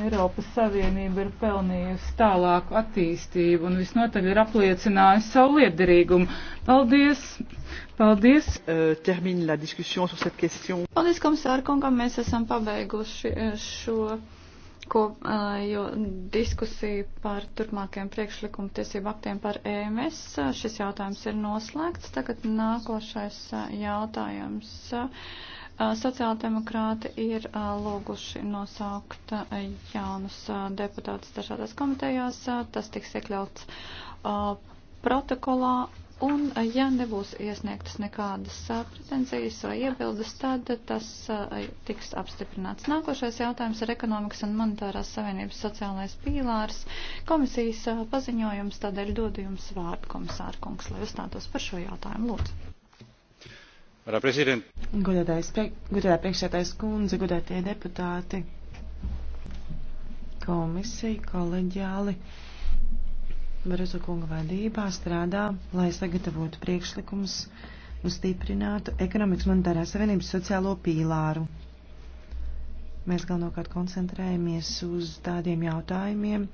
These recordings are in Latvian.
Eiropas Savienība ir pelnījusi tālāku attīstību un visnotaļ ir apliecinājusi savu liederīgumu. Paldies! Paldies! Uh, Paldies, komisāra kungam, mēs esam pabeiguši uh, šo ko, uh, jo, diskusiju par turpmākajiem priekšlikumu tiesību aktiem par EMS. Šis jautājums ir noslēgts. Tagad nākošais jautājums. Sociāldemokrāti ir lūguši nosaukt jaunus deputātus dažādās komitejās. Tas tiks iekļauts protokolā. Un, ja nebūs iesniegtas nekādas pretenzijas vai iebildes, tad tas tiks apstiprināts. Nākošais jautājums ir ekonomikas un monetārās savienības sociālais pīlārs. Komisijas paziņojums tādēļ dodu jums vārdu, komisārkungs, lai uzstātos par šo jautājumu. Lūdzu. Godētā priekšsētājs kundze, godētie deputāti, komisija koleģiāli Baruza kunga vadībā strādā, lai sagatavotu priekšlikums un stiprinātu ekonomikas monetārā savienības sociālo pīlāru. Mēs galvenokārt koncentrējamies uz tādiem jautājumiem,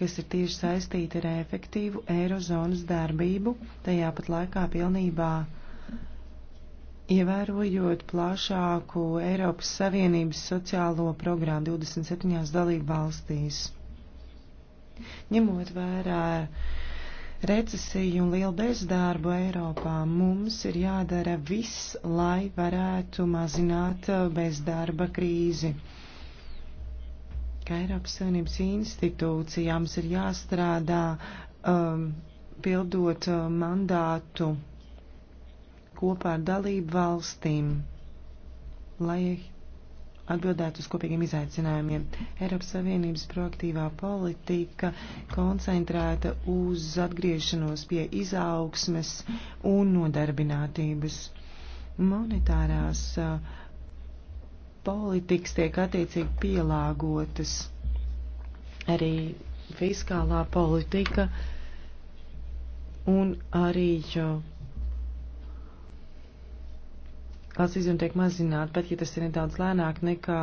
kas ir tieši saistīti ar efektīvu eirozonas darbību, tajā pat laikā pilnībā ievērojot plašāku Eiropas Savienības sociālo programmu 27 dalību valstīs. Ņemot vērā recesiju un lielu bezdarbu Eiropā, mums ir jādara viss, lai varētu mazināt bezdarba krīzi ka Eiropas Savienības institūcijām ir jāstrādā um, pildot uh, mandātu kopā ar dalību valstīm, lai atbildētu uz kopīgiem izaicinājumiem. Eiropas Savienības proaktīvā politika koncentrēta uz atgriešanos pie izaugsmes un nodarbinātības. Monetārās politikas tiek attiecīgi pielāgotas. Arī fiskālā politika un arī valsts izjūta tiek mazināta, pat ja tas ir nedaudz lēnāk nekā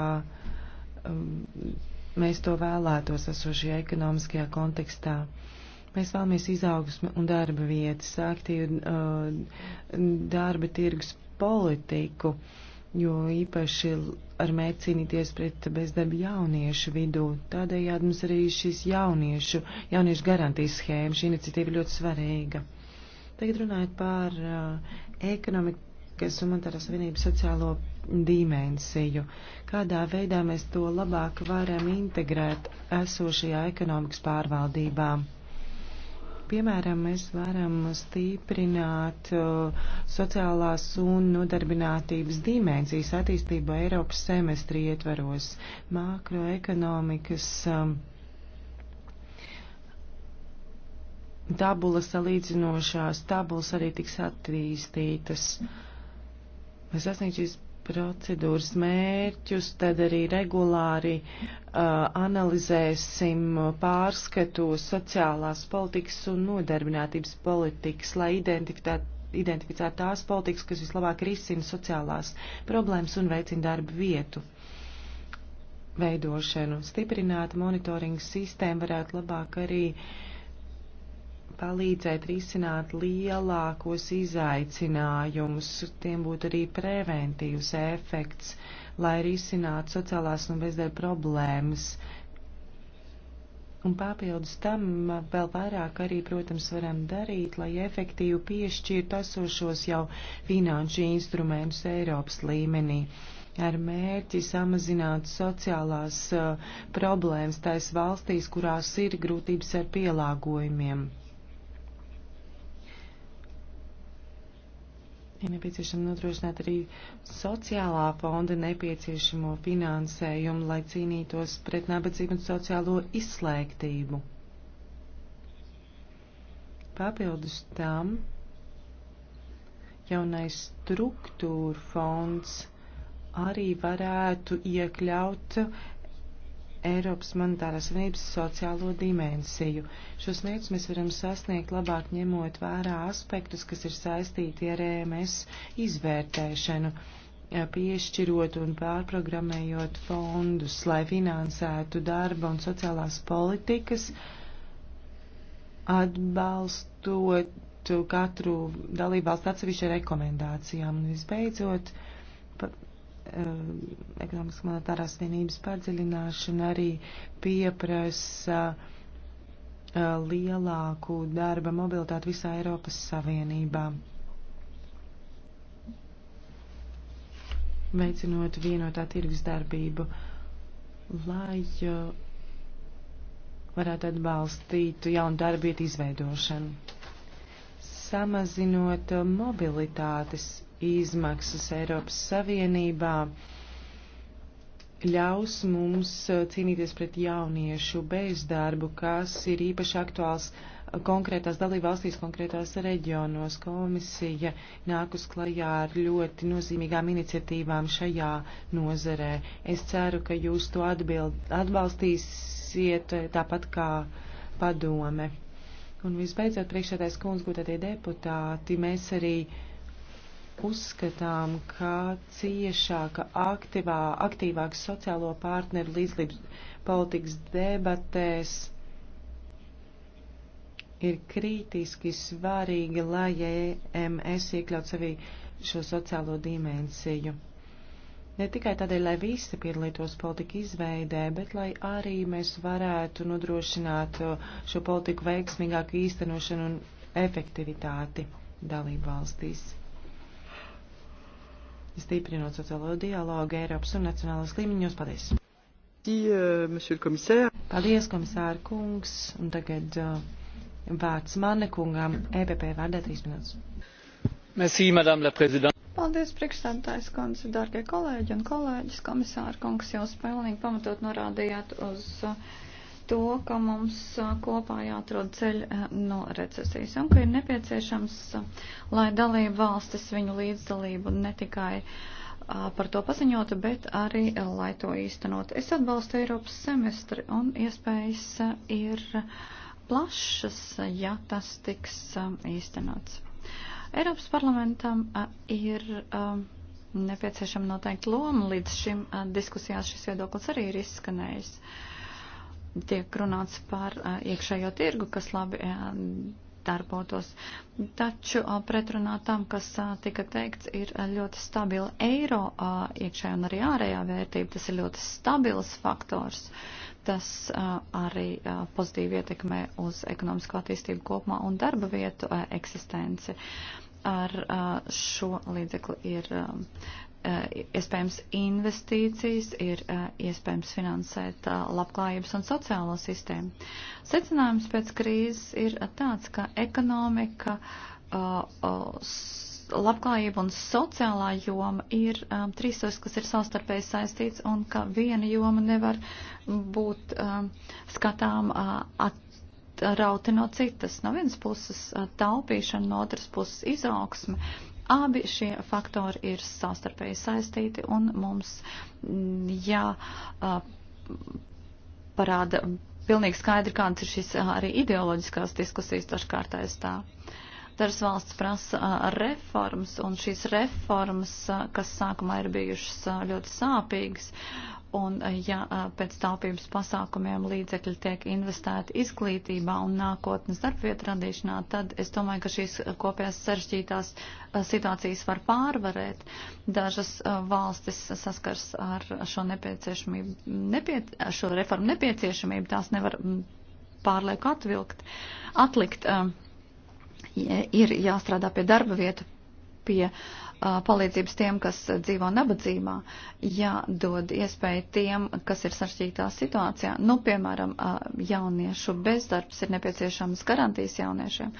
um, mēs to vēlētos esošajā ekonomiskajā kontekstā. Mēs vēlamies izaugsmi un darba vietas, aktīvu uh, darba tirgus politiku, jo īpaši ar mērķi cīnīties pret bezdarbu jauniešu vidū. Tādējādi mums arī šis jauniešu, jauniešu garantijas schēma, šī iniciatīva ļoti svarīga. Tagad runājot par uh, ekonomiku ekonomikas un monetārās savienības sociālo dimensiju. Kādā veidā mēs to labāk varam integrēt esošajā ekonomikas pārvaldībā? Piemēram, mēs varam stiprināt uh, sociālās un nodarbinātības dimensijas attīstību Eiropas semestri ietvaros makroekonomikas um, tabulas, salīdzinošās tabulas arī tiks attīstītas. Mm lai sasniegtu šīs procedūras mērķus, tad arī regulāri uh, analizēsim pārskatu sociālās politikas un nodarbinātības politikas, lai identificētu tās politikas, kas vislabāk risina sociālās problēmas un veicina darba vietu veidošanu. Stiprināta monitoringa sistēma varētu labāk arī uh, palīdzēt risināt lielākos izaicinājumus, tiem būtu arī preventīvs efekts, lai risinātu sociālās un bezdarba problēmas. Un papildus tam vēl vairāk arī, protams, varam darīt, lai efektīvi piešķirtu esošos jau finanšu instrumentus Eiropas līmenī ar mērķi samazināt sociālās uh, problēmas tais valstīs, kurās ir grūtības ar pielāgojumiem. Ir nepieciešama nodrošināt arī sociālā fonda nepieciešamo finansējumu, lai cīnītos pret nabadzību un sociālo izslēgtību. Papildus tam jaunais struktūra fonds arī varētu iekļaut Eiropas monetāras savienības sociālo dimensiju. Šos mērķus mēs varam sasniegt labāk ņemot vērā aspektus, kas ir saistīti ar EMS izvērtēšanu, piešķirot un pārprogrammējot fondus, lai finansētu darba un sociālās politikas, atbalstot katru dalībvalstu atsevišķu rekomendācijām. Un visbeidzot, Eh, ekonomiskās monetārās vienības padziļināšana arī pieprasa eh, lielāku darba mobilitāti visā Eiropas Savienībā. Veicinot vienotā tirgus darbību, lai eh, varētu atbalstīt jaunu darbietu izveidošanu. Samazinot mobilitātes izmaksas Eiropas Savienībā ļaus mums uh, cīnīties pret jauniešu bezdarbu, kas ir īpaši aktuāls uh, konkrētās dalībvalstīs, konkrētās reģionos. Komisija nāk uz klajā ar ļoti nozīmīgām iniciatīvām šajā nozerē. Es ceru, ka jūs to atbild, atbalstīsiet uh, tāpat kā padome. Un visbeidzot, priekšsēdājs kundz, godātie deputāti, mēs arī uh, uzskatām, ka ciešāka, aktīvā, aktīvāka sociālo partneru līdzlības politikas debatēs ir kritiski svarīgi, lai EMS iekļaut savī šo sociālo dimensiju. Ne tikai tādēļ, lai visi piedalītos politika izveidē, bet lai arī mēs varētu nodrošināt šo politiku veiksmīgāku īstenošanu un efektivitāti dalību valstīs stiprinot sociālo dialogu Eiropas un nacionālās līmeņos. Paldies! Euh, Paldies, komisāra kungs! Un tagad uh, vārds Manne kungam, EPP vārdā 3 minūtes. Merci, madame la présidente. Paldies, priekšstādātājs kundze, dārgie kolēģi un kolēģis, komisāra kungs, jūs pilnīgi pamatot norādījāt uz uh, to, ka mums kopā jāatrod ceļ no recesijas un ka ir nepieciešams, lai dalība valstis viņu līdzdalību ne tikai par to paziņotu, bet arī, lai to īstenot. Es atbalstu Eiropas semestri un iespējas ir plašas, ja tas tiks īstenots. Eiropas parlamentam ir nepieciešama noteikti loma, līdz šim diskusijās šis viedoklis arī ir izskanējis. Uh, tiek runāts par iekšējo tirgu, kas labi darbotos. Taču pretrunā tam, kas tika teikts, ir ļoti stabila eiro iekšējā un arī ārējā vērtība. Tas ir ļoti stabils faktors. Tas arī pozitīvi ietekmē uz ekonomisko attīstību kopumā un darba vietu eksistenci. Ar šo līdzekli ir Eh, iespējams investīcijas, ir eh, iespējams finansēt eh, labklājības un sociālo sistēmu. Secinājums pēc krīzes ir tāds, ka ekonomika, labklājība un sociālā joma ir trīsos, kas ir savstarpēji saistīts un ka viena joma nevar būt skatām attīstīt rauti no citas. No vienas puses taupīšana, no otras puses izaugsme Abi šie faktori ir savstarpēji saistīti un mums mm, jāparāda pilnīgi skaidri, kādas ir šīs arī ideoloģiskās diskusijas dažkārt aizstāv dažas valsts prasa reformas, un šīs reformas, kas sākumā ir bijušas ļoti sāpīgas, un eh, ja eh, pēc taupības pasākumiem līdzekļi tiek investēti izglītībā un nākotnes darbvietu radīšanā, tad es domāju, ka šīs kopējās sarežģītās eh, situācijas var pārvarēt. Dažas valstis saskars ar šo, nepieciešamību, nepiet, šo reformu nepieciešamību, tās nevar mm, pārlieku atvilkt, atlikt. Ir jāstrādā pie darba vietu, pie uh, palīdzības tiem, kas dzīvo nabadzībā, jādod iespēja tiem, kas ir sašķītā situācijā. Nu, piemēram, jauniešu bezdarbs ir nepieciešams garantijas jauniešiem,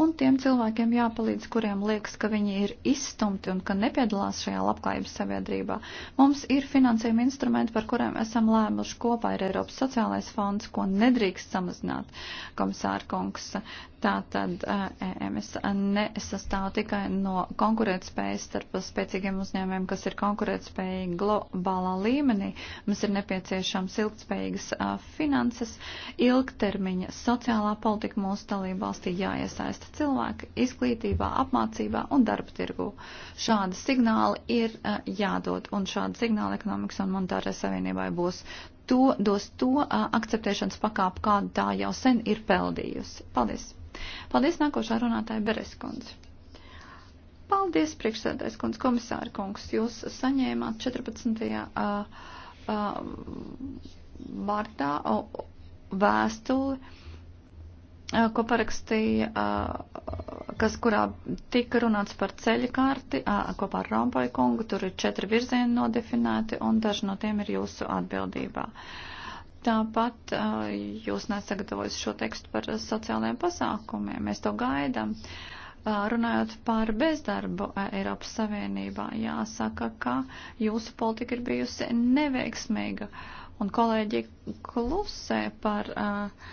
un tiem cilvēkiem jāpalīdz, kuriem liekas, ka viņi ir izstumti un ka nepiedalās šajā labklājības sabiedrībā. Mums ir finansējuma instrumenti, par kuriem esam lēmuši kopā, ir Eiropas sociālais fonds, ko nedrīkst samazināt, komisāra kungs. Tātad EMS eh, e nesastāv tikai no konkurētspējas starp spēcīgiem uzņēmumiem, kas ir konkurētspējīgi globālā līmenī. Mums ir nepieciešams ilgtspējīgas eh, finanses, ilgtermiņa sociālā politika mūsu dalību valstī jāiesaista cilvēki izglītībā, apmācībā un darba tirgu. Šādi signāli ir eh, jādod un šādi signāli ekonomikas un monetārai savienībai būs to, dos to akceptēšanas pakāpu, kādu tā jau sen ir peldījusi. Paldies! Paldies nākošā runātāja Bereskundze. Paldies, priekšsēdājs kundz, komisāra kungs. Jūs saņēmāt 14. Uh, uh, martā uh, vēstuli ko parakstīja, kas, kurā tika runāts par ceļu kārti kopā ar Rompoju kungu. Tur ir četri virzieni nodefinēti un daži no tiem ir jūsu atbildībā. Uh, Tāpat jūs nesagatavojat šo tekstu par sociālajiem pasākumiem. Mēs to gaidām. Runājot par bezdarbu Eiropas Savienībā, jāsaka, ka jūsu politika ir bijusi neveiksmīga. Un kolēģi klusē par uh,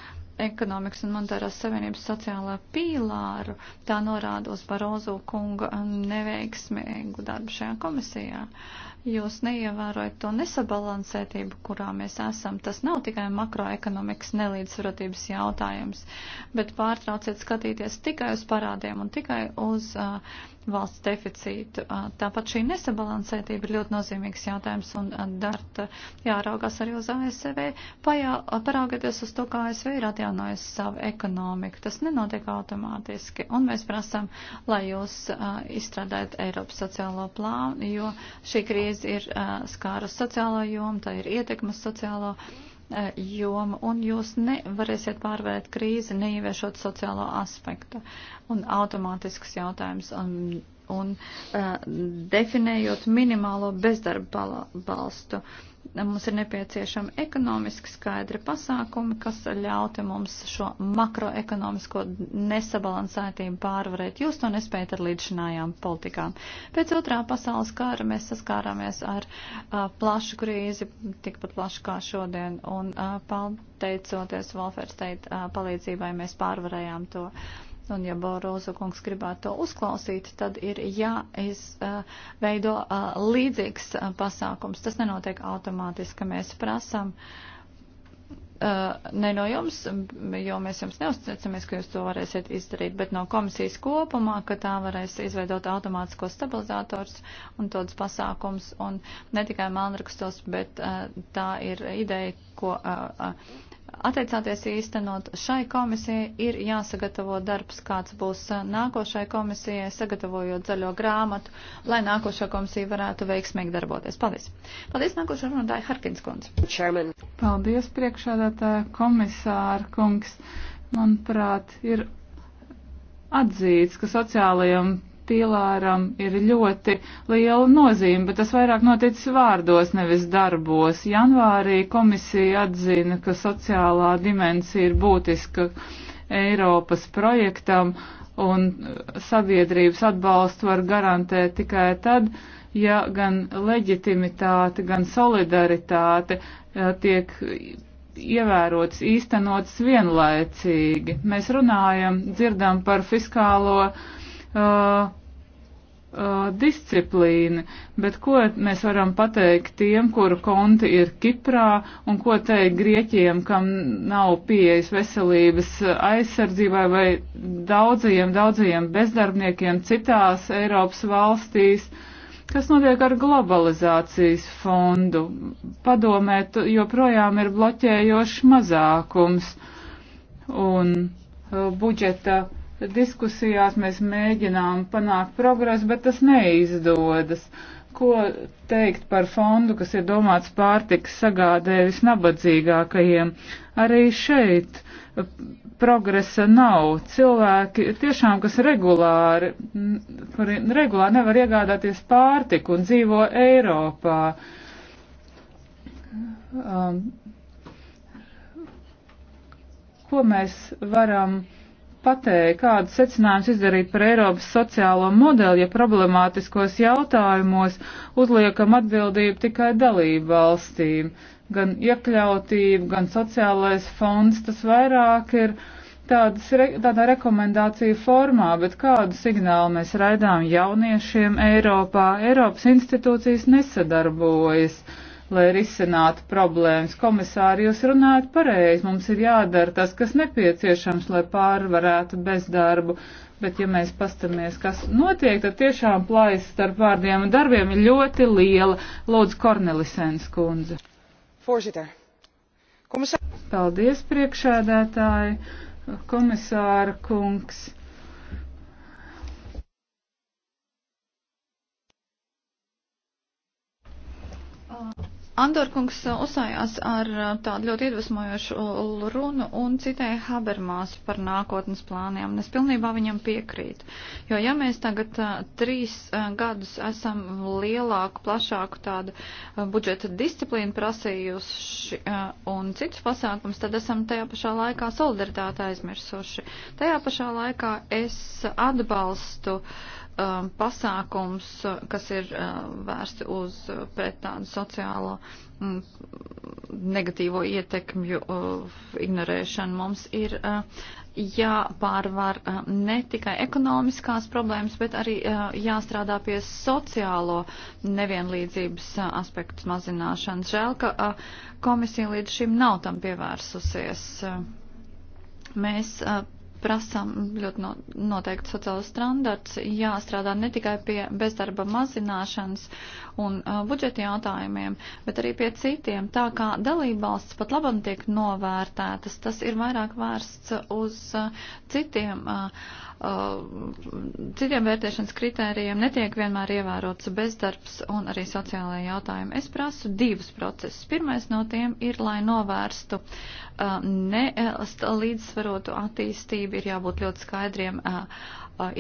ekonomikas un monetārās savienības sociālā pīlāru, tā norāda uz Barozo kunga neveiksmīgu darbu šajā komisijā. Uh, jūs neievērojat to nesabalansētību, kurā mēs esam. Tas nav tikai makroekonomikas nelīdzsvarotības jautājums, bet pārtrauciet skatīties tikai uz parādiem un tikai uz uh, valsts deficītu. Tāpat šī nesabalansētība ir ļoti nozīmīgs jautājums un darta jāraugās arī uz ASV. Paraugoties uz to, kā ASV ir atjaunojusi savu ekonomiku, tas nenotiek automātiski. Un mēs prasām, lai jūs izstrādājat Eiropas sociālo plānu, jo šī krīze ir skāra sociālo jomu, tā ir ietekmas sociālo jomu joma, un jūs nevarēsiet pārvērt krīzi, neievēršot sociālo aspektu un automātiskus jautājumus un, un uh, definējot minimālo bezdarba balstu. Uh, mums ir nepieciešama ekonomiski skaidra pasākumi, kas ļauti mums šo makroekonomisko nesabalansētību pārvarēt. Jūs to nespējat ar līdzšinājām politikām. Pēc otrā pasaules kara mēs saskārāmies ar uh, plašu krīzi, tikpat plašu kā šodien, un uh, pateicoties Valfersteit uh, palīdzībai mēs pārvarējām to. Uh, Un ja Borozo kungs gribētu to uzklausīt, tad ir jāizveido uh, līdzīgs uh, pasākums. Tas nenotiek automātiski, ka mēs prasam uh, ne no jums, jo mēs jums neuzticamies, ka jūs to varēsiet izdarīt, bet no komisijas kopumā, ka tā varēs izveidot automātisko stabilizators un tādus pasākums, un ne tikai mānrakstos, bet tā ir ideja, ko Atteicāties īstenot šai komisijai ir jāsagatavo darbs, kāds būs nākošai komisijai, sagatavojot zaļo grāmatu, lai nākošā komisija varētu veiksmīgi darboties. Paldies! Paldies nākošā runātāja Harkins kundze. Chairman. Paldies priekšādātāja komisāra kungs. Manuprāt, ir atzīts, ka sociālajiem pīlāram ir ļoti liela nozīme, bet tas vairāk noticis vārdos, nevis darbos. Janvārī komisija atzina, ka sociālā dimensija ir būtiska Eiropas projektam un sabiedrības atbalstu var garantēt tikai tad, ja gan leģitimitāte, gan solidaritāte eh, tiek ievērots, īstenots vienlaicīgi. Mēs runājam, dzirdam par fiskālo uh, uh, uh, disciplīni, bet ko mēs varam pateikt tiem, kuru konti ir Kiprā, un ko teikt Grieķiem, kam nav pieejas veselības aizsardzībai, vai daudziem, daudziem bezdarbniekiem citās Eiropas valstīs. Kas notiek ar globalizācijas fondu? Padomē, joprojām ir bloķējošs mazākums un uh, budžeta uh, diskusijās mēs mēģinām panākt progresu, bet tas neizdodas. Ko teikt par fondu, kas ir domāts pārtiks sagādē visnabadzīgākajiem? Arī šeit progresa nav. Cilvēki tiešām, kas regulāri, kuri regulāri nevar iegādāties pārtiku un dzīvo Eiropā. Um, ko mēs varam pateikt, kādas secinājumus izdarīt par Eiropas sociālo modeli, ja problemātiskos jautājumos uzliekam atbildību tikai dalību valstīm. Gan iekļautība, gan sociālais fonds, tas vairāk ir tādas, tādā rekomendāciju formā, bet kādu signālu mēs raidām jauniešiem Eiropā? Eiropas institūcijas nesadarbojas. Uh, lai risinātu problēmas. Komisāri, jūs runājat pareizi, mums ir jādara tas, kas nepieciešams, lai pārvarētu bezdarbu, bet ja mēs pastamies, kas notiek, tad tiešām plājas starp vārdiem un darbiem ir ļoti liela. Lūdzu, Kornelisens kundze. Voorzitter. Komisār... Paldies, priekšēdētāji, komisāra kungs. Andorkungs uh, uzsājās ar uh, tādu ļoti iedvesmojošu uh, runu un citēja Habermās par nākotnes plāniem. Es pilnībā viņam piekrītu. Jo ja mēs tagad trīs gadus esam lielāku, plašāku tādu budžeta disciplīnu prasījuši un citus pasākums, tad esam tajā pašā laikā solidaritāti aizmirsuši. Tajā pašā laikā es atbalstu. Uh, um, pasākums, uh, kas ir uh, vērsti uz uh, pret tādu sociālo um, negatīvo ietekmju uh, ignorēšanu. Mums ir uh, jāpārvar uh, ne tikai ekonomiskās problēmas, bet arī uh, jāstrādā pie sociālo nevienlīdzības uh, aspektu mazināšanas. Žēl, ka uh, komisija līdz šim nav tam pievērsusies. Uh, mēs uh, prasām ļoti no, noteikti sociālus standarts, jāstrādā ne tikai pie bezdarba mazināšanas un uh, budžeta jautājumiem, bet arī pie citiem. Tā kā dalībvalsts pat labam tiek novērtētas, tas ir vairāk vērsts uz uh, citiem. Uh, Uh, citiem vērtēšanas kritērijiem netiek vienmēr ievērots bezdarbs un arī sociālajie jautājumi. Es prasu divus procesus. Pirmais no tiem ir, lai novērstu uh, nelīdzsvarotu attīstību, ir jābūt ļoti skaidriem uh,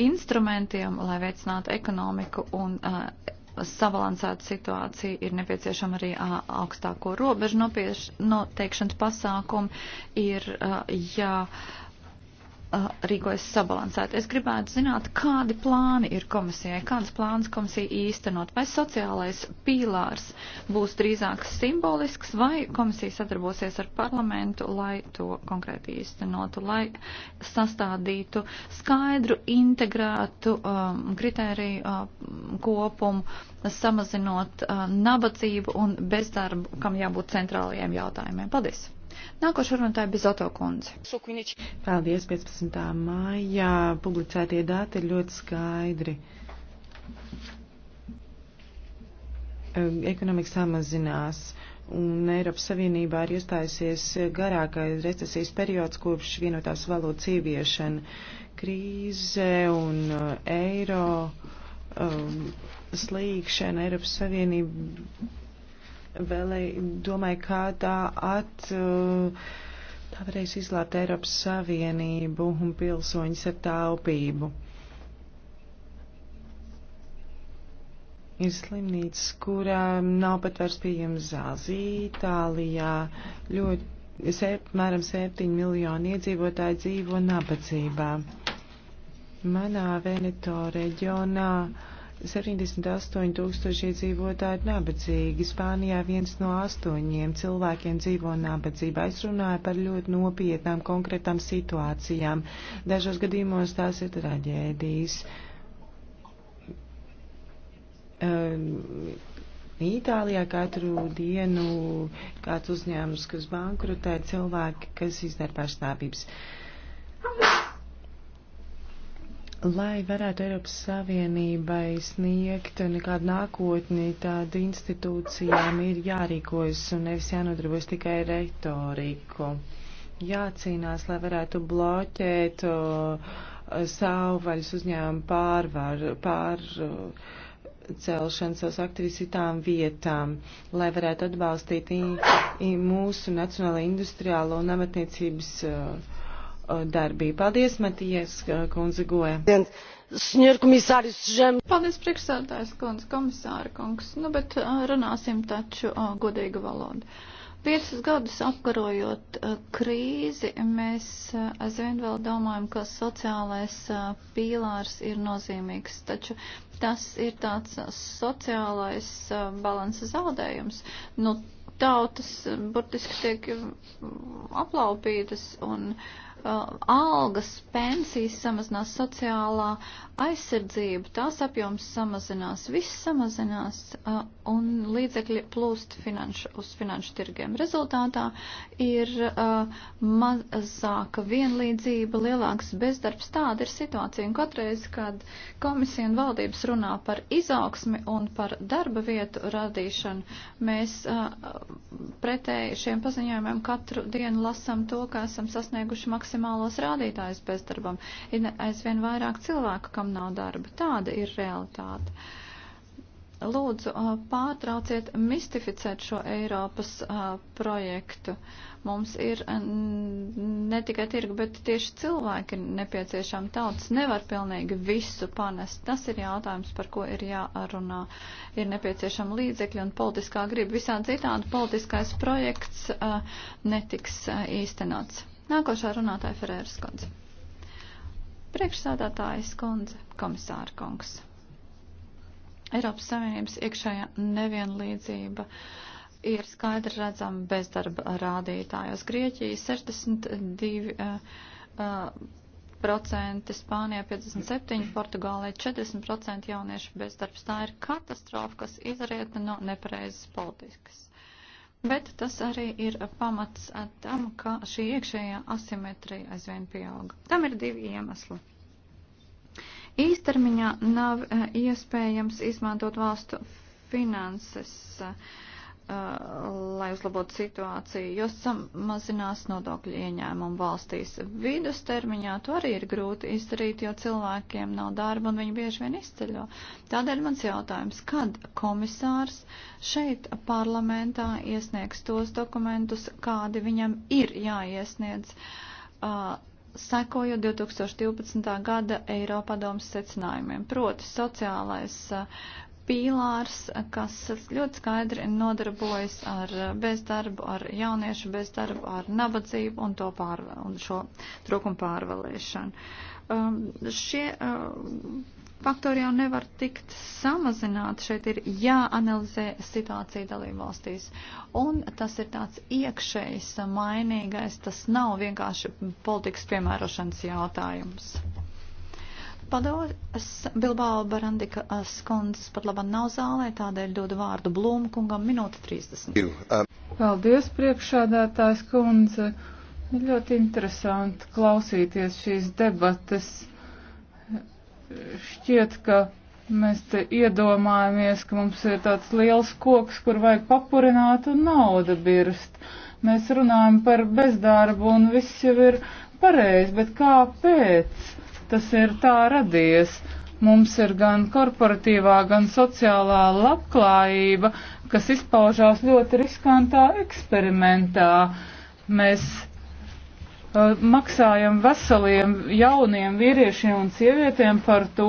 instrumentiem, lai veicinātu ekonomiku un sabalansēta situācija ir nepieciešama arī augstāko robežu noteikšanas pasākumu, ir jā. Ja, rīkojas sabalansēt. Es gribētu zināt, kādi plāni ir komisijai, kādas plānas komisija īstenot, vai sociālais pīlārs būs drīzāk simbolisks, vai komisija sadarbosies ar parlamentu, lai to konkrēti īstenotu, lai sastādītu skaidru, integrētu um, kritēriju um, kopumu, samazinot um, nabadzību un bezdarbu, kam jābūt centrālajiem jautājumiem. Paldies! Nākošais runātāja Bizoto kundze. Paldies, 15. maijā publicētie dati ir ļoti skaidri. Ehm, ekonomika samazinās un Eiropas Savienībā ir iestājusies garākais recesijas periods kopš vienotās valūtas ieviešana. Krīze un ehm, eiro um, slīkšana Eiropas Savienība vēlēju, domāju, kā tā at. Uh, tā varēs izlāt Eiropas Savienību un pilsoņus ar taupību. ir slimnīcas, kurā nav pat vairs pieejams zāzi. Itālijā ļoti sep, mēram 7 miljoni iedzīvotāji dzīvo nabadzībā. Manā Veneto reģionā 78 tūkstoši iedzīvotāji ir nabadzīgi. Spānijā viens no astoņiem cilvēkiem dzīvo nabadzībā. Es runāju par ļoti nopietnām konkrētām situācijām. Dažos gadījumos tās ir traģēdijas. Um, Itālijā katru dienu kāds uzņēmums, kas bankrutē, cilvēki, kas izdara pašnāvības. Lai varētu Eiropas Savienībai sniegt nekādu nākotni, tad institūcijām ir jārīkojas un nevis jānodarbojas tikai retoriku. Jācīnās, lai varētu bloķēt savvaļas uzņēmumu pārvar, pārcelšanu savus aktīvis citām vietām, lai varētu atbalstīt i, i mūsu nacionālo industriālo un amatniecības uh, Uh, darbību. Paldies, Matijas uh, kundze Goja. Paldies, priekšsētājs kundze, komisāra kungs. Nu, bet uh, runāsim taču godīgu valodu. Piecus gadus apkarojot krīzi, mēs aizvien vēl domājam, ka sociālais pīlārs ir nozīmīgs, taču tas ir tāds sociālais balansa zaudējums. Nu, tautas burtiski tiek aplaupītas un uh, Uh, algas, pensijas samazinās, sociālā aizsardzība, tās apjoms samazinās, viss samazinās uh, un līdzekļi plūst finanšu, uz finanšu tirgiem. Rezultātā ir uh, mazāka vienlīdzība, lielāks bezdarbs. Tāda ir situācija. Un katreiz, kad komisija un valdības runā par izaugsmi un par darba vietu radīšanu, mēs pretēji šiem paziņojumiem katru dienu lasam to, ka esam sasnieguši maksājumu maksimālos rādītājus bezdarbam. Ir aizvien vairāk cilvēku, kam nav darba. Tāda ir realitāte. Lūdzu, pārtrauciet mistificēt šo Eiropas projektu. Mums ir ne tikai tirgi, bet tieši cilvēki ir nepieciešami. Tautas nevar pilnīgi visu panest. Tas ir jautājums, par ko ir jārunā. Ir nepieciešama līdzekļa un politiskā griba. Visādi citādi politiskais projekts netiks īstenots. Nākošā runātāja Ferēras kundze. Priekšsādātājas kundze, komisāra kungs. Eiropas Savienības iekšējā nevienlīdzība ir skaidri redzama bezdarba rādītājos. Grieķija 62. Uh, uh, procenti, Spānijā 57, Portugālē 40% jauniešu bezdarbs. Tā ir katastrofa, kas izrietna no nepareizas politikas. Bet tas arī ir pamats tam, ka šī iekšējā asimetrija aizvien pieauga. Tam ir divi iemesli. Īstermiņā nav eh, iespējams izmantot valstu finanses. Uh, Uh, lai uzlabotu situāciju, jo samazinās nodokļu ieņēmumu valstīs. Vidus termiņā to arī ir grūti izdarīt, jo cilvēkiem nav darba un viņi bieži vien izceļo. Tādēļ mans jautājums, kad komisārs šeit parlamentā iesniegs tos dokumentus, kādi viņam ir jāiesniedz, uh, sekojot 2012. gada Eiropadomas secinājumiem, proti sociālais uh, pīlārs, kas ļoti skaidri nodarbojas ar bezdarbu, ar jauniešu bezdarbu, ar nabadzību un, pār, un šo trūkumu pārvalēšanu. Um, šie um, faktori jau nevar tikt samazināti. Šeit ir jāanalizē situācija dalībvalstīs. Un tas ir tāds iekšējs, mainīgais, tas nav vienkārši politikas piemērošanas jautājums. Paldies, Bilbao Barandika uh, skundzes pat labam nav zālē, tādēļ dodu vārdu Blūmu kungam minūte 30. Um, Paldies, priekšādātājs kundze. Ir ļoti interesanti klausīties šīs debates. Šķiet, ka mēs te iedomājamies, ka mums ir tāds liels koks, kur vajag papurināt un nauda birst. Mēs runājam par bezdarbu un viss jau ir pareizi, bet kāpēc? tas ir tā radies. Mums ir gan korporatīvā, gan sociālā labklājība, kas izpaužās ļoti riskantā eksperimentā. Mēs uh, maksājam veseliem jauniem vīriešiem un sievietēm par to,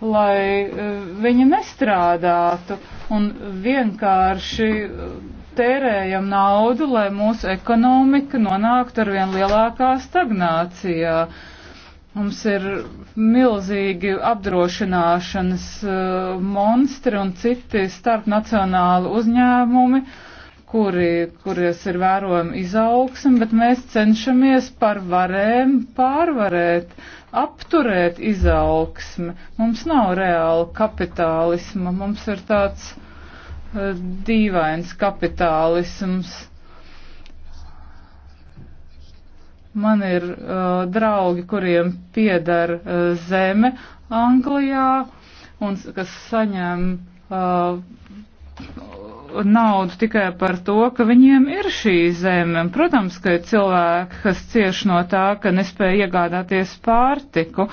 lai uh, viņi nestrādātu un vienkārši uh, tērējam naudu, lai mūsu ekonomika nonāktu ar vien lielākā stagnācijā. Uh, Mums ir milzīgi apdrošināšanas uh, monstri un citi starpnacionāli uzņēmumi, kuri, kuries ir vērojama izaugsme, bet mēs cenšamies par varēm pārvarēt, apturēt izaugsmi. Mums nav reāla kapitālisma, mums ir tāds uh, dīvains kapitālisms Man ir uh, draugi, kuriem piedara uh, zeme Anglijā un kas saņem uh, naudu tikai par to, ka viņiem ir šī zeme. Protams, ka ir cilvēki, kas cieš no tā, ka nespēja iegādāties pārtiku.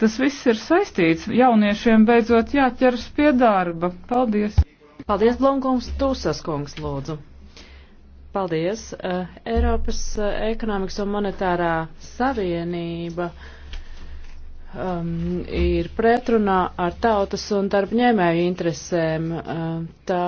Tas viss ir saistīts. Jauniešiem beidzot jāķers pie darba. Paldies! Paldies, Blomkungs, Tūsas kungs, lūdzu! Paldies. Eh, Eiropas eh, ekonomikas un monetārā savienība um, ir pretrunā ar tautas un darbņēmēju interesēm. Um, tā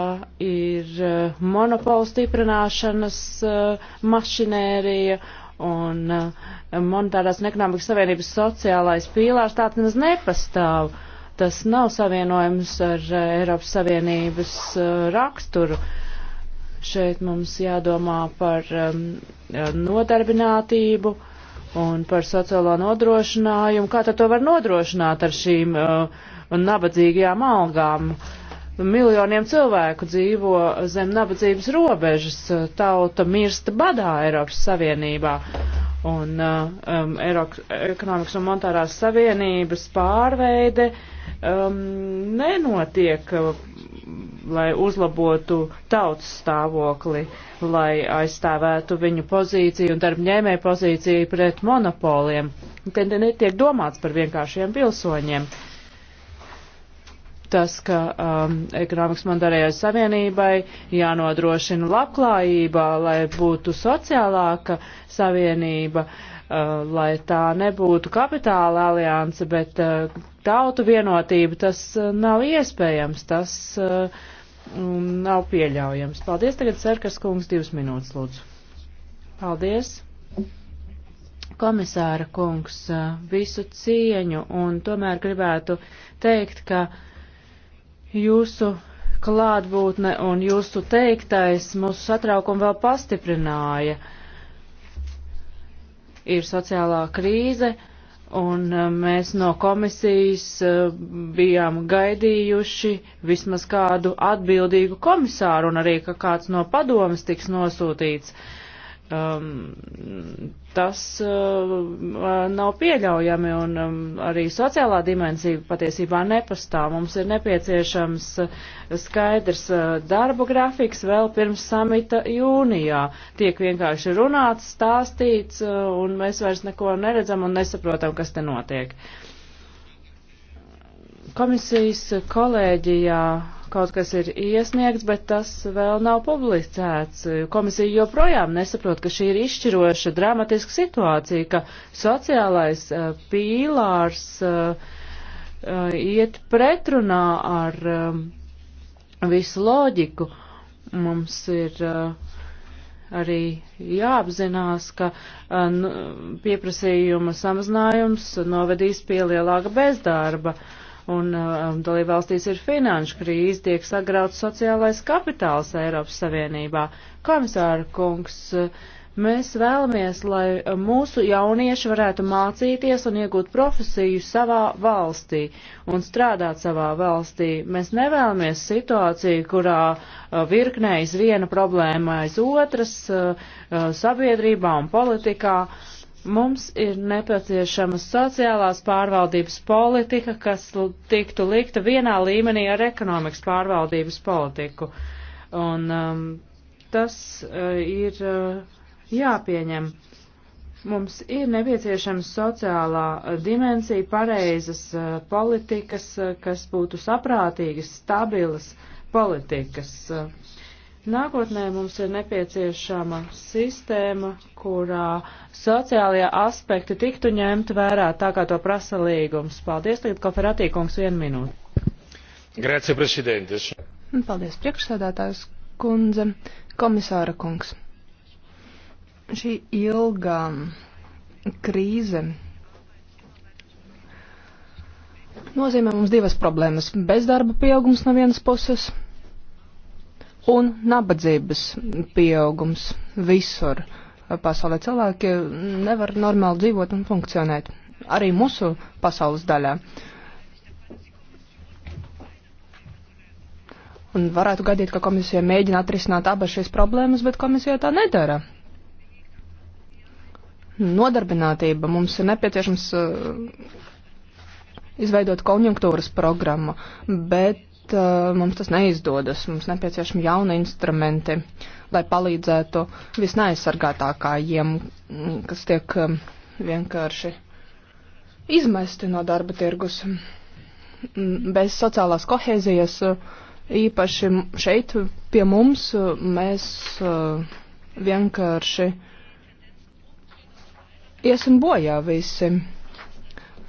ir uh, monopolu stiprināšanas uh, mašinērija un uh, monetārās un ekonomikas savienības sociālais pīlārs tāds nemaz nepastāv. Tas nav savienojums ar uh, Eiropas Savienības uh, raksturu. Uh, Šeit mums jādomā par um, nodarbinātību un par sociālo nodrošinājumu. Kā tad to var nodrošināt ar šīm uh, nabadzīgajām algām? Miljoniem cilvēku dzīvo zem nabadzības robežas, tauta mirsta badā Eiropas Savienībā. Un uh, um, Eiropas ekonomikas un monetārās savienības pārveide um, nenotiek uh, lai uzlabotu tautas stāvokli, lai aizstāvētu viņu pozīciju un darbņēmē pozīciju pret monopoliem. Te netiek domāts par vienkāršiem pilsoņiem. Tas, ka um, ekonomikas mandarējai savienībai jānodrošina labklājība, lai būtu sociālāka savienība. Uh, Eh, lai tā nebūtu kapitāla alianse, bet eh, tautu vienotība, tas eh, nav iespējams, tas mm, nav pieļaujams. Paldies, tagad Serkas kungs, divas minūtes, lūdzu. Paldies. Komisāra kungs, visu cieņu un tomēr gribētu teikt, ka jūsu klātbūtne un jūsu teiktais mūsu satraukumu vēl pastiprināja. Uh, ir sociālā krīze, un eh, mēs no komisijas eh, bijām gaidījuši vismaz kādu atbildīgu komisāru un arī, ka kāds no padomas tiks nosūtīts. Uh, um, tas uh, nav pieļaujami un um, arī sociālā dimensija patiesībā nepastāv. Mums ir nepieciešams uh, skaidrs uh, darba grafiks vēl pirms samita jūnijā. Tiek vienkārši runāts, stāstīts uh, un mēs vairs neko neredzam un nesaprotam, kas te notiek. Komisijas kolēģijā kaut kas ir iesniegts, bet tas vēl nav publicēts. Komisija joprojām nesaprot, ka šī ir izšķiroša dramatiska situācija, ka sociālais uh, pīlārs uh, uh, iet pretrunā ar uh, visu loģiku. Mums ir uh, arī jāapzinās, ka uh, nu, pieprasījuma samazinājums novedīs pie lielāka bezdarba. Uh, un um, dalībvalstīs ir finanšu krīze, tiek sagrauts sociālais kapitāls Eiropas Savienībā. Komisāra kungs, mēs vēlamies, lai mūsu jaunieši varētu mācīties un iegūt profesiju savā valstī un strādāt savā valstī. Mēs nevēlamies situāciju, kurā uh, virknē iz viena problēma aiz otras uh, uh, sabiedrībā un politikā Mums ir nepieciešama sociālās pārvaldības politika, kas tiktu likta vienā līmenī ar ekonomikas pārvaldības politiku. Un um, tas uh, ir uh, jāpieņem. Mums ir nepieciešama sociālā uh, dimensija, pareizas uh, politikas, uh, kas būtu saprātīgas, stabilas politikas. Uh, Nākotnē mums ir nepieciešama sistēma, kurā sociālajie aspekti tiktu ņemti vērā, tā kā to prasa līgums. Paldies, tagad Koferatī kungs, vienu minūti. Grēcija prezidentes. Paldies, priekšsēdētājs kundze, komisāra kungs. Šī ilgā krīze nozīmē mums divas problēmas - bezdarba pieaugums no vienas puses un nabadzības pieaugums visur pasaulē. Cilvēki nevar normāli dzīvot un funkcionēt, arī mūsu pasaules daļā. Un varētu gadīt, ka komisija mēģina atrisināt abas šīs problēmas, bet komisija tā nedara. Nodarbinātība mums ir nepieciešams uh, izveidot konjunktūras programmu, bet uh, mums tas neizdodas. Mums nepieciešami jauni instrumenti, lai palīdzētu visneaizsargātākajiem, kas tiek um, vienkārši izmesti no darba tirgus. Mm, bez sociālās kohēzijas, uh, īpaši šeit pie mums, uh, mēs uh, vienkārši iesim bojā visi.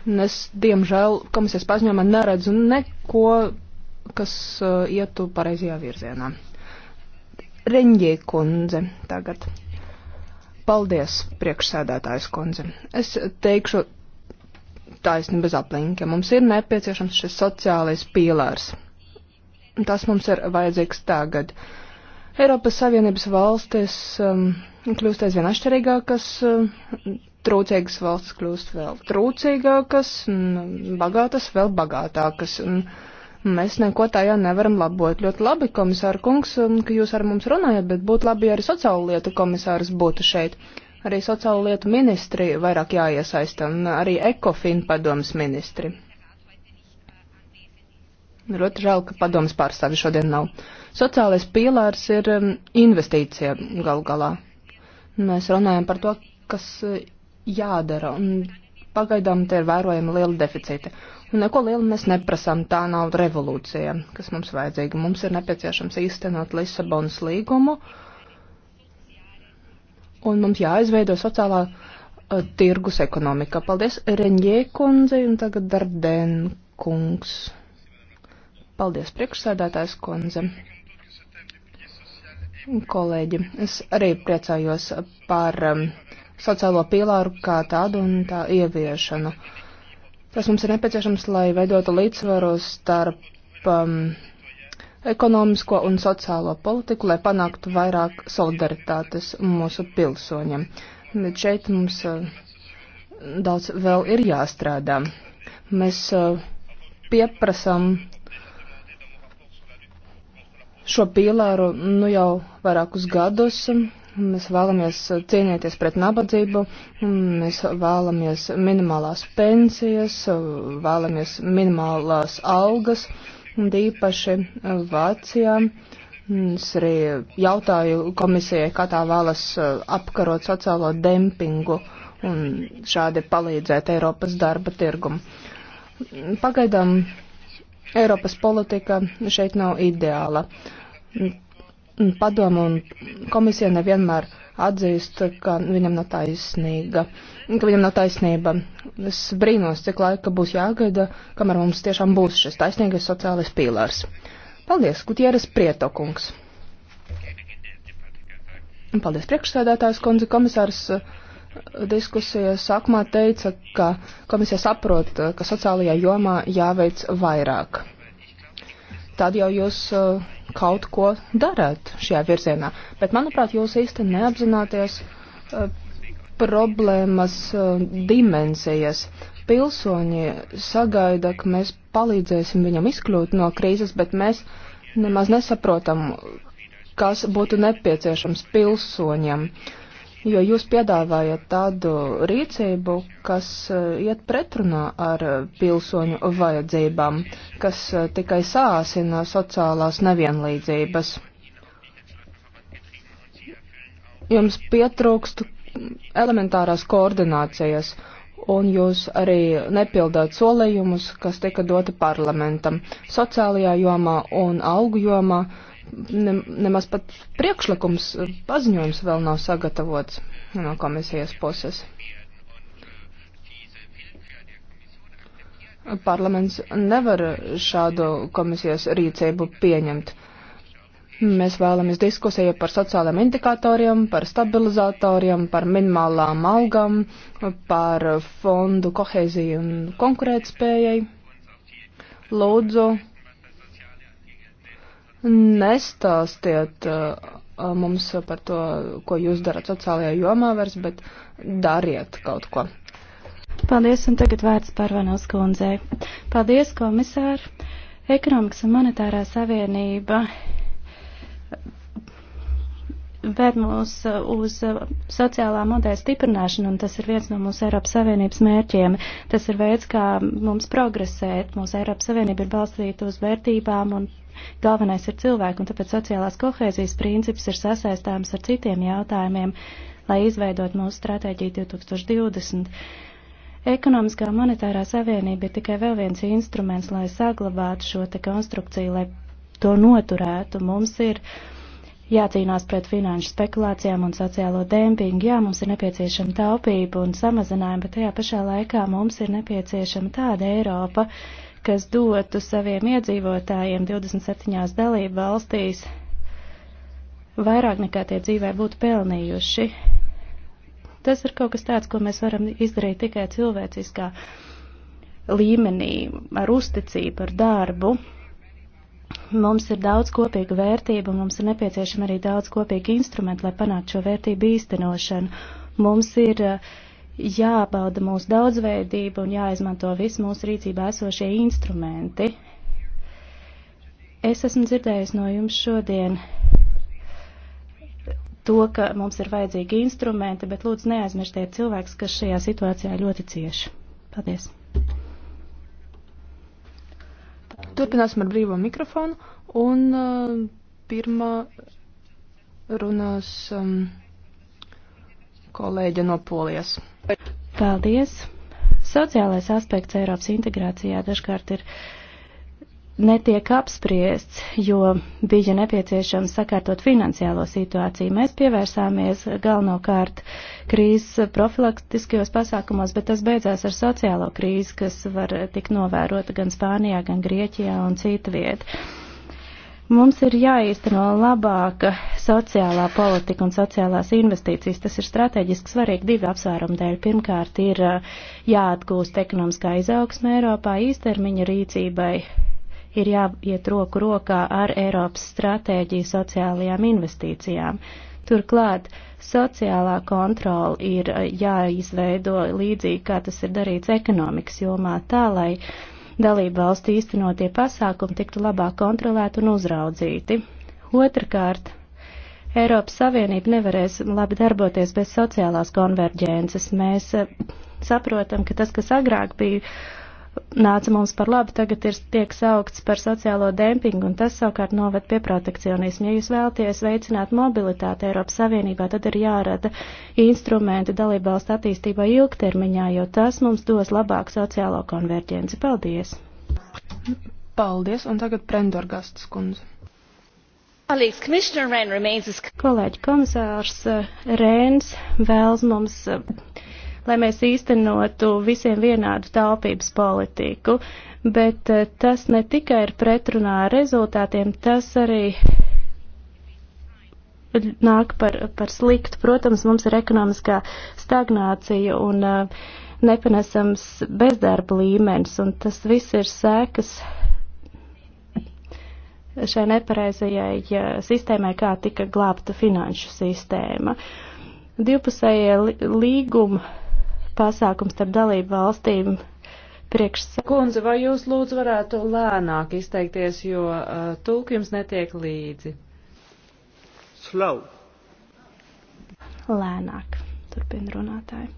Es, diemžēl, komisijas paziņojumā neredzu neko kas eh, ietu pareizajā virzienā. Reņģie kundze tagad. Paldies, priekšsēdētājs kundze. Es teikšu taisni bez aplinkiem. Mums ir nepieciešams šis sociālais pīlārs. Tas mums ir vajadzīgs tagad. Eiropas Savienības valstis um, kļūst aizvien ašķirīgākas, um, trūcīgas valsts kļūst vēl trūcīgākas, um, bagātas vēl bagātākas. Um, Mēs neko tajā nevaram labot. Ļoti labi, komisāra kungs, um, ka jūs ar mums runājat, bet būtu labi, ja arī sociāla lietu komisārs būtu šeit. Arī sociāla lietu ministri vairāk jāiesaista un arī ekofin padomas ministri. Ļoti žēl, ka padomas pārstāvi šodien nav. Sociālais pīlārs ir um, investīcija gal galā. Mēs runājam par to, kas uh, jādara, un pagaidām te ir vērojama liela deficīta. Neko lielu mēs neprasām, tā nav revolūcija, kas mums vajadzīga. Mums ir nepieciešams īstenot Lisabonas līgumu, un mums jāizveido sociālā uh, tirgus ekonomika. Paldies Reņģē kundze un tagad Darden kungs. Paldies priekšsēdētājs kundze. Kolēģi, es arī priecājos par um, sociālo pīlāru kā tādu un tā ieviešanu. Uh, Tas mums ir nepieciešams, lai veidotu līdzsvaru starp um, ekonomisko un sociālo politiku, lai panāktu vairāk solidaritātes mūsu pilsoņiem. Bet šeit mums uh, daudz vēl ir jāstrādā. Mēs uh, pieprasam šo pīlāru nu jau vairākus gadus. Um, Mēs vēlamies cīnīties pret nabadzību, mēs vēlamies minimālās pensijas, vēlamies minimālās algas, un īpaši Vācijā. Es arī jautāju komisijai, kā tā vēlas apkarot sociālo dempingu un šādi palīdzēt Eiropas darba tirgumu. Pagaidām Eiropas politika šeit nav ideāla padomu un komisija nevienmēr atzīst, ka viņam nav taisnīga, ka viņam nav taisnība. Es brīnos, cik laika būs jāgaida, kamēr mums tiešām būs šis taisnīgais sociālais pīlārs. Paldies, Gutieres Prietokungs. Paldies, priekšsēdētājs kundze, komisārs eh, diskusijas sākumā teica, ka komisija saprot, eh, ka sociālajā jomā jāveic vairāk. Tad jau jūs uh, kaut ko darāt šajā virzienā. Bet, manuprāt, jūs īsti neapzināties uh, problēmas uh, dimensijas. Pilsoņi sagaida, ka mēs palīdzēsim viņam izkļūt no krīzes, bet mēs nemaz nesaprotam, kas būtu nepieciešams pilsoņiem. Uh, jo jūs piedāvājat tādu rīcību, kas eh, iet pretrunā ar eh, pilsoņu vajadzībām, kas eh, tikai sāsina sociālās nevienlīdzības. Jums pietrūkst elementārās koordinācijas, un jūs arī nepildāt solījumus, kas tika doti parlamentam sociālajā jomā un algu jomā. Uh, ne, nemaz pat priekšlikums, paziņojums vēl nav sagatavots no komisijas puses. Parlaments nevar šādu komisijas rīcību pieņemt. Mēs vēlamies diskusiju par sociālajiem indikatoriem, par stabilizatoriem, par minimālām algām, par fondu kohēziju un konkurētspējai. Lūdzu, nestāstiet uh, mums par to, ko jūs darat sociālajā jomā vairs, bet dariet kaut ko. Paldies, un tagad vārds Parvanos kundzei. Paldies, komisāri. Ekonomikas un monetārā savienība ved mūs uh, uz uh, sociālā modeļa stiprināšanu, un tas ir viens no mūsu Eiropas Savienības mērķiem. Tas ir veids, kā mums progresēt. Mūsu Eiropas Savienība ir balstīta uz vērtībām, un galvenais ir cilvēki, un tāpēc sociālās kohēzijas princips ir sasaistāms ar citiem jautājumiem, lai izveidot mūsu stratēģiju 2020. Ekonomiskā monetārā savienība ir tikai vēl viens instruments, lai saglabātu šo te konstrukciju, lai to noturētu. Mums ir uh, jācīnās pret finanšu spekulācijām un sociālo dempingu. Jā, mums ir nepieciešama taupība un samazinājuma, bet tajā pašā laikā mums ir nepieciešama tāda Eiropa, kas dotu saviem iedzīvotājiem 27 dalību valstīs vairāk nekā tie dzīvē būtu pelnījuši. Tas ir kaut kas tāds, ko mēs varam izdarīt tikai cilvēciskā līmenī, ar uzticību, ar darbu. Mums ir daudz kopīgu vērtību, mums ir nepieciešama arī daudz kopīgu instrumentu, lai panāktu šo vērtību īstenošanu. Mums ir eh, jābauda mūsu daudzveidība un jāizmanto visi mūsu rīcībā esošie instrumenti. Es esmu dzirdējusi no jums šodien to, ka mums ir vajadzīgi instrumenti, bet lūdzu neaizmirstiet cilvēks, kas šajā situācijā ļoti cieši. Paldies! Turpināsim ar brīvo mikrofonu. Un uh, pirmā runās um, kolēģe no Polijas. Paldies! Sociālais aspekts Eiropas integrācijā dažkārt ir netiek apspriests, jo bija nepieciešams sakārtot finansiālo situāciju. Mēs pievērsāmies galvenokārt krīzes profilaktiskajos pasākumos, bet tas beidzās ar sociālo krīzi, kas var tik novērota gan Spānijā, gan Grieķijā un citviet. Mums ir jāīsteno labāka sociālā politika un sociālās investīcijas. Tas ir strateģiski svarīgi divi apsvērumi dēļ. Pirmkārt, ir uh, jāatgūst ekonomiskā izaugsme Eiropā īstermiņa rīcībai ir jāiet roku rokā ar Eiropas stratēģiju sociālajām investīcijām. Turklāt sociālā kontrola ir eh, jāizveido līdzīgi, kā tas ir darīts ekonomikas jomā, tā lai dalība valsts īstenotie pasākumi tiktu labāk kontrolēti un uzraudzīti. Otrakārt, Eiropas Savienība nevarēs labi darboties bez sociālās konverģences. Mēs eh, saprotam, ka tas, kas agrāk bija nāca mums par labu, tagad ir tiek saukts par sociālo dempingu, un tas savukārt noved pie protekcionismu. Ja jūs vēlaties veicināt mobilitāti Eiropas Savienībā, tad ir jārada instrumenti dalībvalstu attīstībā ilgtermiņā, jo tas mums dos labāku sociālo konverģenci. Paldies! Paldies, un tagad Prendorgasts kundze. Kolēģi komisārs eh, Rēns vēlas mums eh, lai mēs īstenotu visiem vienādu taupības politiku, bet eh, tas ne tikai ir pretrunā ar rezultātiem, tas arī nāk par, par sliktu. Protams, mums ir ekonomiskā stagnācija un uh, nepanesams bezdarba līmenis, un tas viss ir sēkas šai nepareizajai sistēmai, kā tika glābta finanšu sistēma. Divpusējie līgumi pasākums starp dalību valstīm priekšsēdētājiem. Kundze, vai jūs lūdzu varētu lēnāk izteikties, jo uh, tulk jums netiek līdzi? Slow. Lēnāk, turpina runātāji.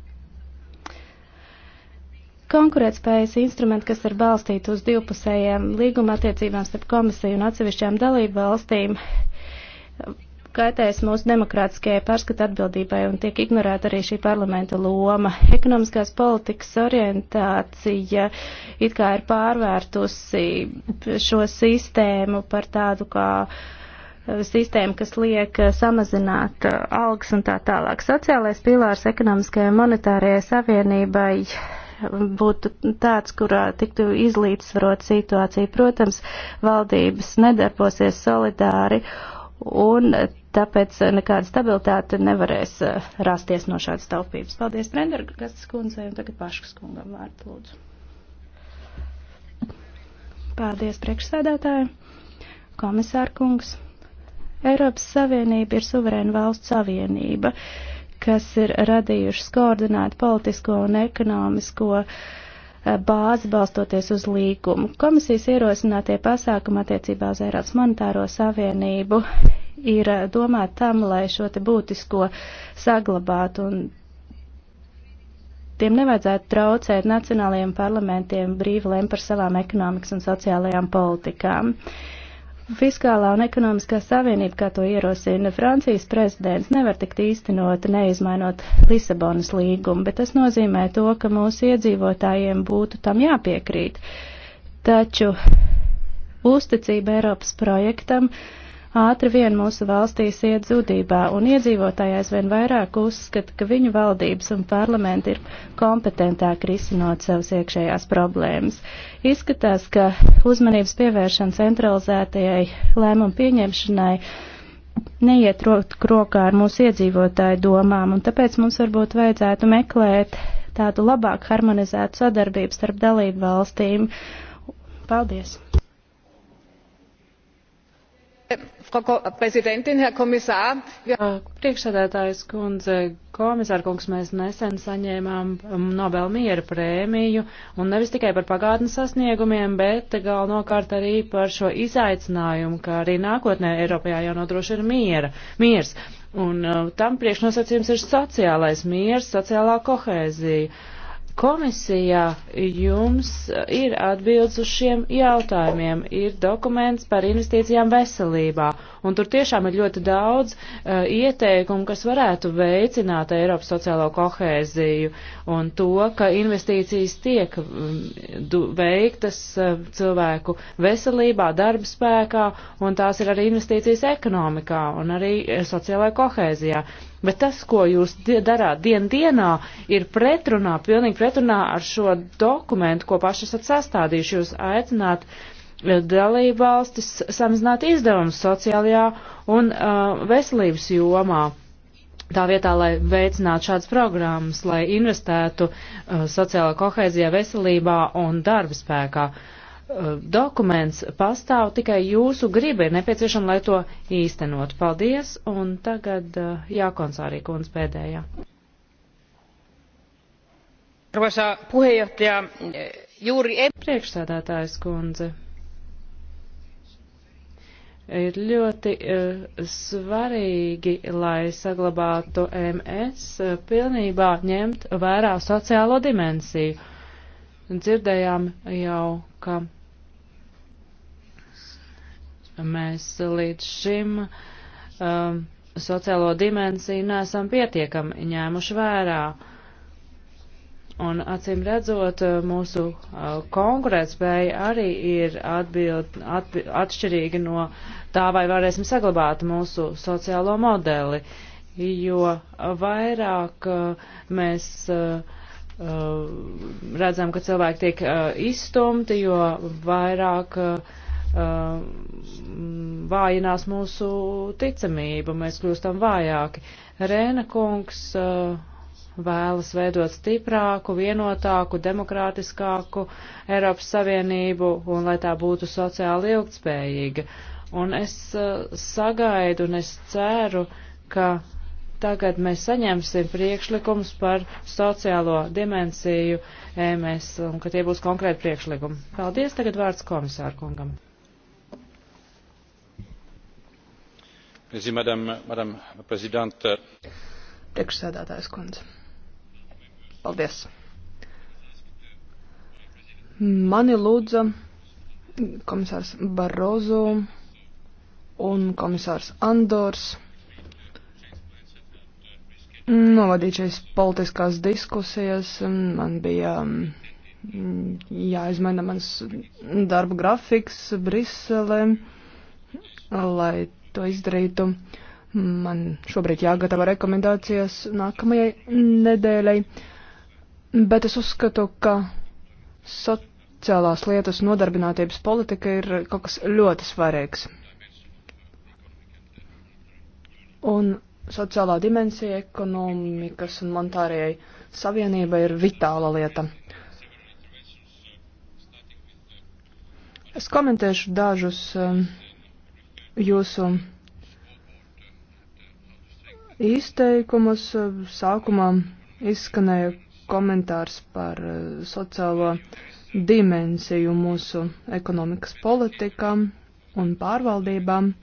Konkurētspējas instrumenti, kas ir balstīti uz divpusējiem līguma attiecībām starp komisiju un atsevišķām dalību valstīm, uh, kaitēs mūsu demokrātiskajai pārskata atbildībai un tiek ignorēta arī šī parlamenta loma. Ekonomiskās politikas orientācija it kā ir pārvērtusi šo sistēmu par tādu kā eh, sistēmu, kas liek eh, samazināt eh, algas un tā tālāk. Sociālais pilārs ekonomiskajai monetārajai savienībai būtu tāds, kurā tiktu izlīdzsvarot situācija. Protams, valdības nedarbosies solidāri un tāpēc nekāda stabilitāte nevarēs eh, rasties no šādas taupības. Paldies Brendergastas kundzei un tagad Paškas kungam vārdu lūdzu. Paldies priekšsēdētāji, komisāra kungs. Eiropas Savienība ir suverēna valsts savienība, kas ir radījušas koordinētu politisko un ekonomisko uh, Eh, bāzi balstoties uz līgumu. Komisijas ierosinātie pasākumi attiecībā uz Eiropas monetāro savienību ir eh, domāt tam, lai šo te būtisko saglabātu un tiem nevajadzētu traucēt nacionālajiem parlamentiem brīvi lem par savām ekonomikas un sociālajām politikām. Uh, Fiskālā un ekonomiskā savienība, kā to ierosina Francijas prezidents, nevar tikt īstenota neizmainot Lisabonas līgumu, bet tas nozīmē to, ka mūsu iedzīvotājiem būtu tam jāpiekrīt. Taču uzticība Eiropas projektam uh, ātri vien mūsu valstīs iet zudībā, un iedzīvotāji aizvien vairāk uzskata, ka viņu valdības un parlamenti ir kompetentāk risinot savas iekšējās problēmas. Izskatās, ka uzmanības pievēršana centralizētajai lēmumu pieņemšanai neiet rokā ar mūsu iedzīvotāju domām, un tāpēc mums varbūt vajadzētu meklēt tādu labāk harmonizētu sadarbību starp dalību valstīm. Paldies! Äh, frau präsidentin herr kommissar! Äh, priekšsēdētājas kundze komisārkungs mēs nesen saņēmām um, nobela miera prēmiju un nevis tikai par pagātnes sasniegumiem bet galvenokārt arī par šo izaicinājumu ka arī nākotnē eiropā jānodrošina miera miers un uh, tam priekšnosacījums ir sociālais miers sociālā kohēzija Komisijā jums ir atbildes uz šiem jautājumiem, ir dokuments par investīcijām veselībā, un tur tiešām ir ļoti daudz uh, ieteikumu, kas varētu veicināt Eiropas sociālo kohēziju un to, ka investīcijas tiek mm, du, veiktas uh, cilvēku veselībā, darba spēkā, un tās ir arī investīcijas ekonomikā un arī eh, sociālajā kohēzijā bet tas, ko jūs darāt dien dienā, ir pretrunā, pilnīgi pretrunā ar šo dokumentu, ko paši esat sastādījuši. Jūs aicināt eh, dalību valstis samazināt izdevumus sociālajā un uh, veselības jomā. Tā vietā, lai veicinātu šādas programmas, lai investētu uh, sociālā kohēzijā, veselībā un darba spēkā. Uh, dokuments pastāv, tikai jūsu griba ir nepieciešama, lai to īstenot. Paldies, un tagad uh, Jākons arī kundz pēdējā. Arvoisa puheenjohtaja, juuri... Priekšsēdētājs kundze ir ļoti uh, svarīgi, lai saglabātu MS, uh, pilnībā ņemt vērā sociālo dimensiju. Dzirdējām jau, ka Mēs līdz šim um, sociālo dimensiju nesam pietiekami ņēmuši vērā. Un acīm redzot, mūsu uh, konkurētspēja arī ir atbild, atbi, atšķirīga no tā, vai varēsim saglabāt mūsu sociālo modeli, jo vairāk uh, mēs uh, redzam, ka cilvēki tiek izstumti, jo vairāk uh, Um, vājinās mūsu ticamību, mēs kļūstam vājāki. Rēna kungs uh, vēlas veidot stiprāku, vienotāku, demokrātiskāku Eiropas Savienību un lai tā būtu sociāli ilgtspējīga. Un es uh, sagaidu un es ceru, ka tagad mēs saņemsim priekšlikums par sociālo dimensiju EMS un ka tie būs konkrēti priekšlikumi. Paldies, tagad vārds komisāru kungam. Priekšsēdētājs kundze. Paldies. Mani lūdza komisārs Barozo un komisārs Andors novadīt šīs politiskās diskusijas. Man bija mm, jāizmaina mans darba grafiks Briselē, lai to izdarītu. Man šobrīd jāgatavo rekomendācijas nākamajai nedēļai, bet es uzskatu, ka sociālās lietas nodarbinātības politika ir kaut kas ļoti svarīgs. Un sociālā dimensija ekonomikas un monetārajai savienība ir vitāla lieta. Es komentēšu dažus um, jūsu izteikumus. Sākumā izskanēja komentārs par eh, sociālo dimensiju mūsu ekonomikas politikām un pārvaldībām.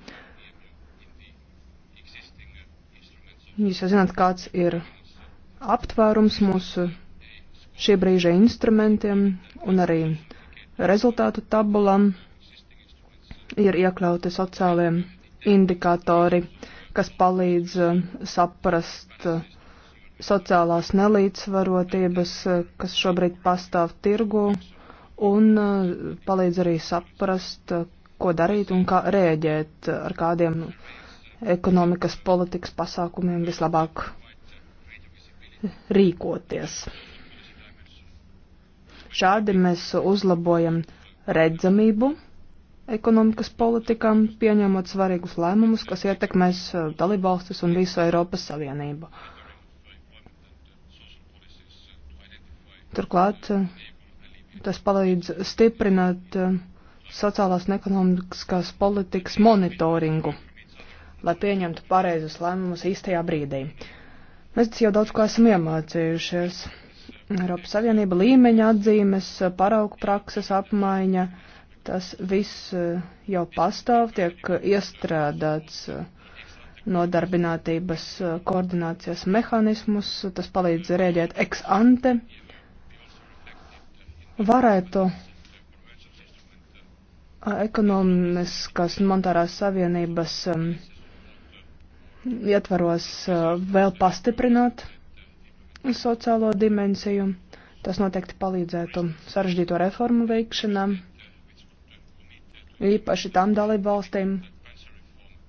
Jūs jau zināt, kāds ir aptvērums mūsu šī brīža instrumentiem un arī rezultātu tabulam ir iekļauti sociālie indikatori, kas palīdz eh, saprast eh, sociālās nelīdzvarotības, eh, kas šobrīd pastāv tirgu, un palīdz arī saprast, ko darīt un kā rēģēt ar kādiem ekonomikas politikas pasākumiem vislabāk rīkoties. Šādi mēs uzlabojam redzamību ekonomikas politikam, pieņemot svarīgus lēmumus, kas ietekmēs eh, dalībvalstis un visu Eiropas Savienību. Turklāt eh, tas palīdz stiprināt eh, sociālās un ekonomiskās politikas monitoringu, lai pieņemtu pareizus lēmumus īstajā brīdī. Mēs jau daudz ko esam iemācījušies. Eiropas Savienība līmeņa atzīmes, paraugu prakses apmaiņa, uh, Tas viss eh, jau pastāv, tiek eh, iestrādāts eh, nodarbinātības koordinācijas mehānismus, tas palīdz rēģēt ex ante. Varētu ekonomiskās un monetārās savienības ietvaros vēl pastiprināt sociālo dimensiju. Tas noteikti palīdzētu sarežģīto reformu veikšanā īpaši tām dalībvalstīm,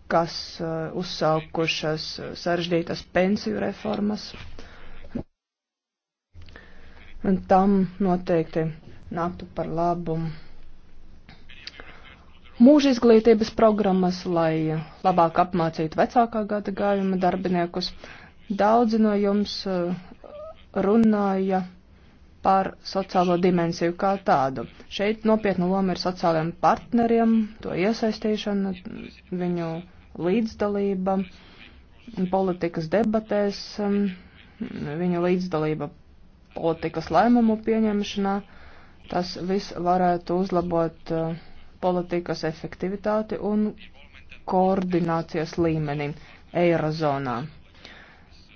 kas eh, uzsākušas sarežģītas pensiju reformas. Un tam noteikti nāktu par labumu mūža izglītības programmas, lai labāk apmācītu vecākā gada gājuma darbiniekus. Daudzi no jums eh, runāja par sociālo dimensiju kā tādu. Šeit nopietna loma ir sociālajiem partneriem, to iesaistīšana, viņu līdzdalība, politikas debatēs, um, viņu līdzdalība politikas lēmumu pieņemšanā. Tas viss varētu uzlabot uh, politikas efektivitāti un koordinācijas līmeni Eirozonā.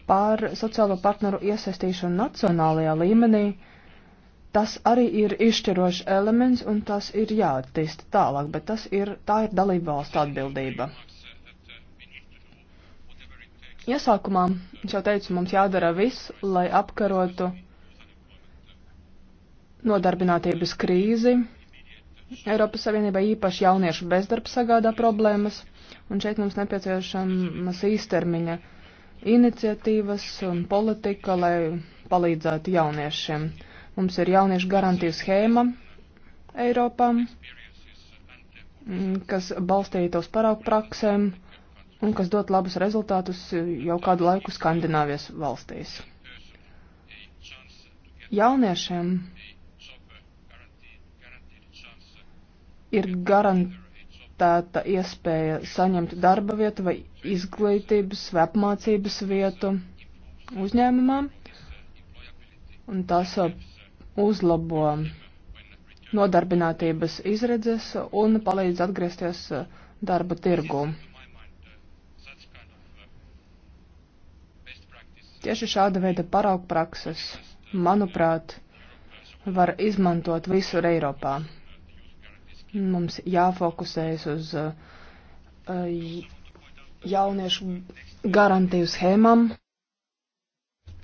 Par sociālo partneru iesaistīšanu nacionālajā līmenī Tas arī ir izšķirošs elements, un tas ir jāattīsta tālāk, bet tas ir, tā ir dalība valsts atbildība. Iesākumā, es jau teicu, mums jādara viss, lai apkarotu nodarbinātības krīzi. Eiropas Savienībai īpaši jauniešu bezdarbs sagādā problēmas, un šeit mums nepieciešamas īstermiņa iniciatīvas un politika, lai palīdzētu jauniešiem. Mums ir jauniešu garantiju schēma Eiropā, mm, kas balstīta uz paraugu praksēm un kas dot labus rezultātus jau kādu laiku Skandināvijas valstīs. Jauniešiem ir garantēta iespēja saņemt darba vietu vai izglītības vai apmācības vietu uzņēmumā, un tas uzlabo nodarbinātības izredzes un palīdz atgriezties darba tirgū. Tieši šāda veida paraugprakses, manuprāt, var izmantot visur Eiropā. Mums jāfokusējas uz uh, jauniešu garantiju schēmām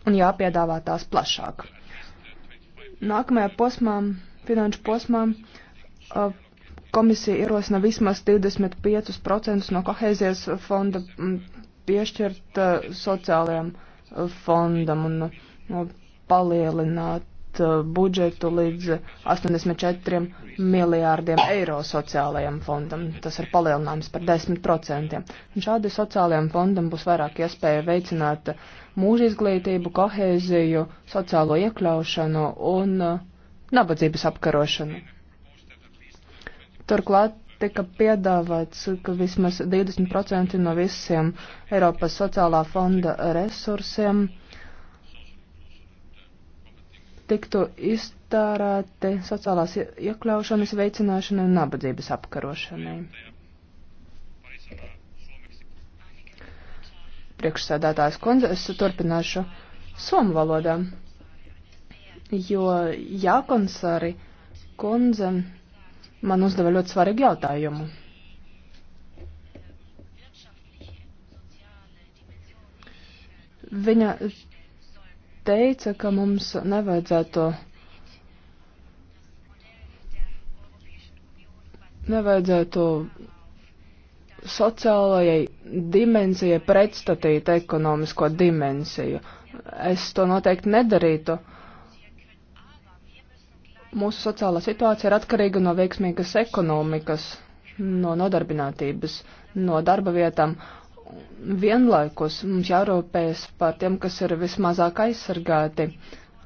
un jāpiedāvā tās plašāk nākamajā posmā, finanšu posmā, komisija ierosina vismaz 25% no kohēzijas fonda piešķirt sociālajiem fondam un palielināt budžetu līdz 84 miljārdiem eiro sociālajiem fondam. Tas ir palielinājums par 10%. Un šādi sociālajiem fondam būs vairāk iespēja veicināt uh, mūža izglītību, kohēziju, sociālo iekļaušanu un uh, nabadzības apkarošanu. Turklāt tika piedāvāts, ka vismaz 20% no visiem Eiropas sociālā fonda resursiem tiktu iztērēti sociālās iekļaušanas veicināšanai un nabadzības apkarošanai. priekšsēdētājs kundze, es turpināšu somu valodā, jo jākonsāri kundze man uzdeva ļoti svarīgu jautājumu. Viņa teica, ka mums nevajadzētu nevajadzētu sociālajai dimensijai pretstatīt ekonomisko dimensiju. Es to noteikti nedarītu. Mūsu sociālā situācija ir atkarīga no veiksmīgas ekonomikas, no nodarbinātības, no darba vietām. Vienlaikus mums jārūpējas par tiem, kas ir vismazāk aizsargāti,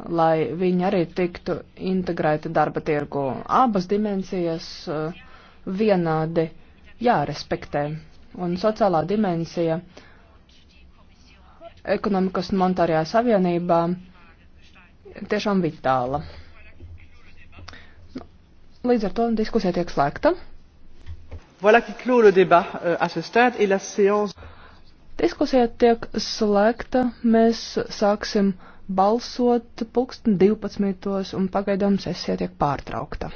lai viņi arī tiktu integrēti darba tirgu. Abas dimensijas uh, vienādi uh, jārespektē. Un sociālā dimensija ekonomikas un monetārajā savienībā tiešām vitāla. Nu, līdz ar to diskusija tiek slēgta. Voilà qui clôt le débat euh, à ce stade et la séance. Diskusija tiek slēgta. Mēs sāksim balsot pulksten 12. un pagaidām sesija tiek pārtraukta.